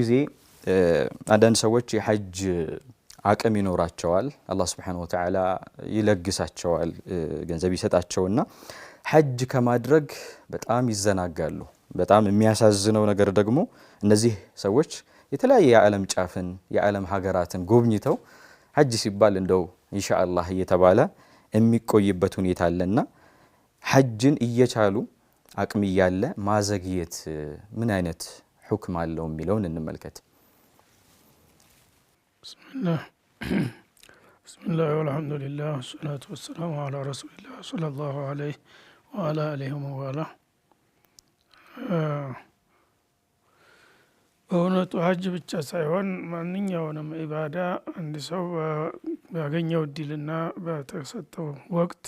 ጊዜ አንዳንድ ሰዎች የሐጅ አቅም ይኖራቸዋል። አላህ ሱብሓነሁ ወተዓላ ይለግሳቸዋል፣ ገንዘብ ይሰጣቸውና ሐጅ ከማድረግ በጣም ይዘናጋሉ። በጣም የሚያሳዝነው ነገር ደግሞ እነዚህ ሰዎች የተለያየ የዓለም ጫፍን የዓለም ሀገራትን ጎብኝተው ሐጅ ሲባል እንደው ኢንሻአላህ እየተባለ የሚቆይበት ሁኔታ አለና ሐጅን እየቻሉ አቅም እያለ ማዘግየት ምን አይነት ሁክም አለው የሚለውን እንመልከት። ብስሚላህ ብስሚላህ ወልሐምዱሊላህ ወሰላቱ ወሰላሙ አላ ረሱሊላህ ሰለላሁ አለይህ ወአላ አለይህ ወአላ በእውነቱ ሀጅ ብቻ ሳይሆን ማንኛውንም ኢባዳ አንድ ሰው ባገኘው እድልና በተሰጠው ወቅት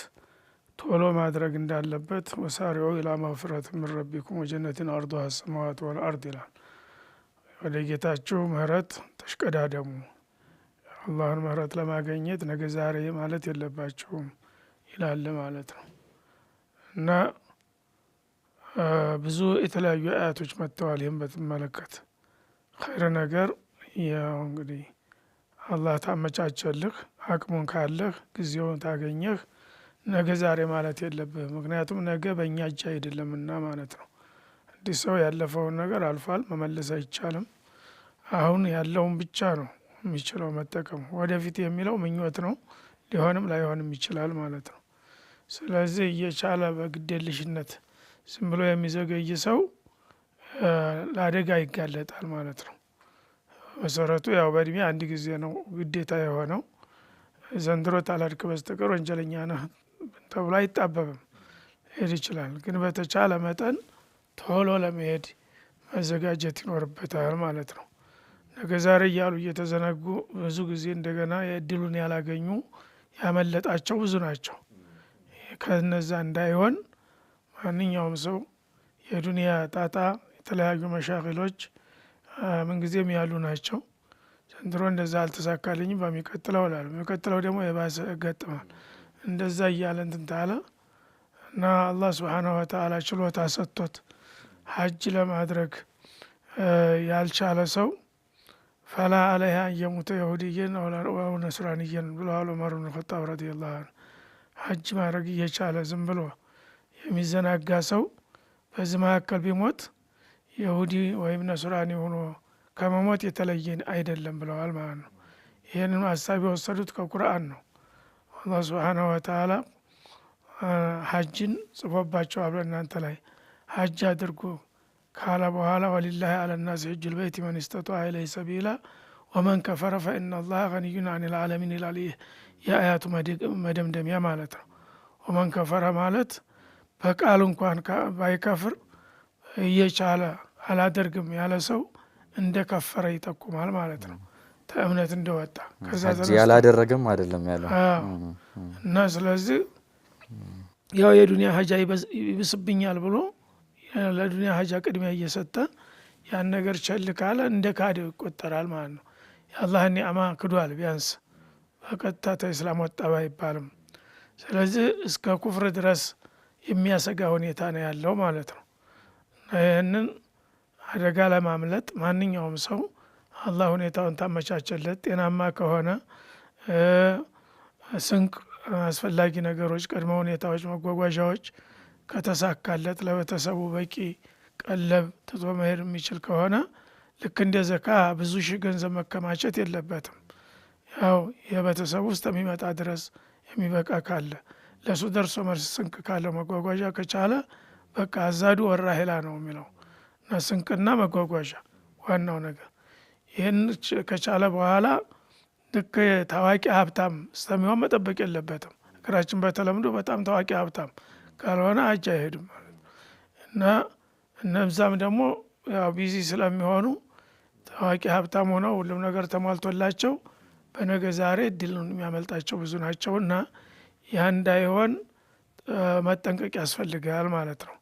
ቶሎ ማድረግ እንዳለበት ወሳሪዑ ኢላ መግፊረት ምን ረቢኩም ወጀነትን አርዱሃ ሰማዋት ወልአርድ ይላል። ወደ ጌታችሁ ምህረት ተሽቀዳደሙ። አላህን ምህረት ለማገኘት ነገ ዛሬ ማለት የለባችሁም ይላል ማለት ነው እና ብዙ የተለያዩ አያቶች መጥተዋል። ይህም በትመለከት ኸይር ነገር ያው እንግዲህ አላህ ታመቻቸልህ አቅሙን ካለህ ጊዜውን ታገኘህ ነገ ዛሬ ማለት የለብህ። ምክንያቱም ነገ በእኛ እጅ አይደለምና ማለት ነው። እንዲህ ሰው ያለፈውን ነገር አልፏል፣ መመለስ አይቻልም። አሁን ያለውን ብቻ ነው የሚችለው መጠቀም። ወደፊት የሚለው ምኞት ነው፣ ሊሆንም ላይሆንም ይችላል ማለት ነው። ስለዚህ እየቻለ በግዴለሽነት ዝም ብሎ የሚዘገይ ሰው ለአደጋ ይጋለጣል ማለት ነው። መሰረቱ ያው በእድሜ አንድ ጊዜ ነው ግዴታ የሆነው ዘንድሮ ታላድክ በስተቀር ወንጀለኛ ነህ ተብሎ አይጣበብም። ሄድ ይችላል፣ ግን በተቻለ መጠን ቶሎ ለመሄድ መዘጋጀት ይኖርበታል ማለት ነው። ነገ ዛሬ እያሉ እየተዘነጉ ብዙ ጊዜ እንደገና የእድሉን ያላገኙ ያመለጣቸው ብዙ ናቸው። ከነዛ እንዳይሆን ማንኛውም ሰው የዱንያ ጣጣ፣ የተለያዩ መሻክሎች ምንጊዜም ያሉ ናቸው። ዘንድሮ እንደዛ አልተሳካልኝም በሚቀጥለው ላሉ የሚቀጥለው ደግሞ የባሰ ገጥማል። እንደዛ እያለ እንትንታለ እና አላህ ስብሓነሁ ወተዓላ ችሎታ ሰጥቶት ሀጅ ለማድረግ ያልቻለ ሰው ፈላ አለይሃ የሙተ የሁድየን ወአው ነስራንየን ብለዋል ዑመር ብን ኸጣብ ረዲየላሁ አንሁ። ሀጅ ማድረግ እየቻለ ዝም ብሎ የሚዘናጋ ሰው በዚህ መካከል ቢሞት የሁዲ ወይም ነስራኒ ሆኖ ከመሞት የተለየን አይደለም ብለዋል ማለት ነው። ይህንን ሀሳብ የወሰዱት ከቁርአን ነው። አላህ ስብሓነሁ ወተዓላ ሀጅን ጽፎባቸዋል እናንተ ላይ ሀጅ አድርጉ ካለ በኋላ ወሊላህ አለናስ ሕጅ ልበይት መን ስተቶ አይለይ ሰቢላ ወመን ከፈረ ፈኢነ አላህ ገኒዩን አን ልዓለሚን ይላል። ይህ የአያቱ መደምደሚያ ማለት ነው። ወመን ከፈረ ማለት በቃል እንኳን ባይከፍር እየቻለ አላደርግም ያለ ሰው እንደ ከፈረ ይጠቁማል ማለት ነው። እምነት እንደወጣ ያላደረገም አይደለም ያለው እና ስለዚህ ያው የዱኒያ ሀጃ ይብስብኛል ብሎ ለዱኒያ ሀጃ ቅድሚያ እየሰጠ ያን ነገር ቸል ካለ እንደ ካድ ይቆጠራል ማለት ነው። የአላህ ኒዕማ ክዷል። ቢያንስ በቀጥታ ተእስላም ወጣባ ባይባልም፣ ስለዚህ እስከ ኩፍር ድረስ የሚያሰጋ ሁኔታ ነው ያለው ማለት ነው። ይህንን አደጋ ለማምለጥ ማንኛውም ሰው አላህ ሁኔታውን ታመቻቸለት። ጤናማ ከሆነ ስንቅ፣ አስፈላጊ ነገሮች፣ ቅድመ ሁኔታዎች፣ መጓጓዣዎች ከተሳካለት ለቤተሰቡ በቂ ቀለብ ትቶ መሄድ የሚችል ከሆነ ልክ እንደ ዘካ ብዙ ሺህ ገንዘብ መከማቸት የለበትም። ያው የቤተሰቡ ውስጥ የሚመጣ ድረስ የሚበቃ ካለ ለእሱ ደርሶ መልስ ስንቅ ካለው መጓጓዣ ከቻለ በቃ አዛዱ ወራሄላ ነው የሚለው እና ስንቅና መጓጓዣ ዋናው ነገር ይህን ከቻለ በኋላ ልክ ታዋቂ ሀብታም ስተሚሆን መጠበቅ የለበትም። ሀገራችን በተለምዶ በጣም ታዋቂ ሀብታም ካልሆነ አጅ አይሄድም ማለት ነው እና እነዛም ደግሞ ያው ቢዚ ስለሚሆኑ ታዋቂ ሀብታም ሆነው ሁሉም ነገር ተሟልቶላቸው በነገ ዛሬ እድል የሚያመልጣቸው ብዙ ናቸው እና ያ እንዳይሆን መጠንቀቅ ያስፈልጋል ማለት ነው።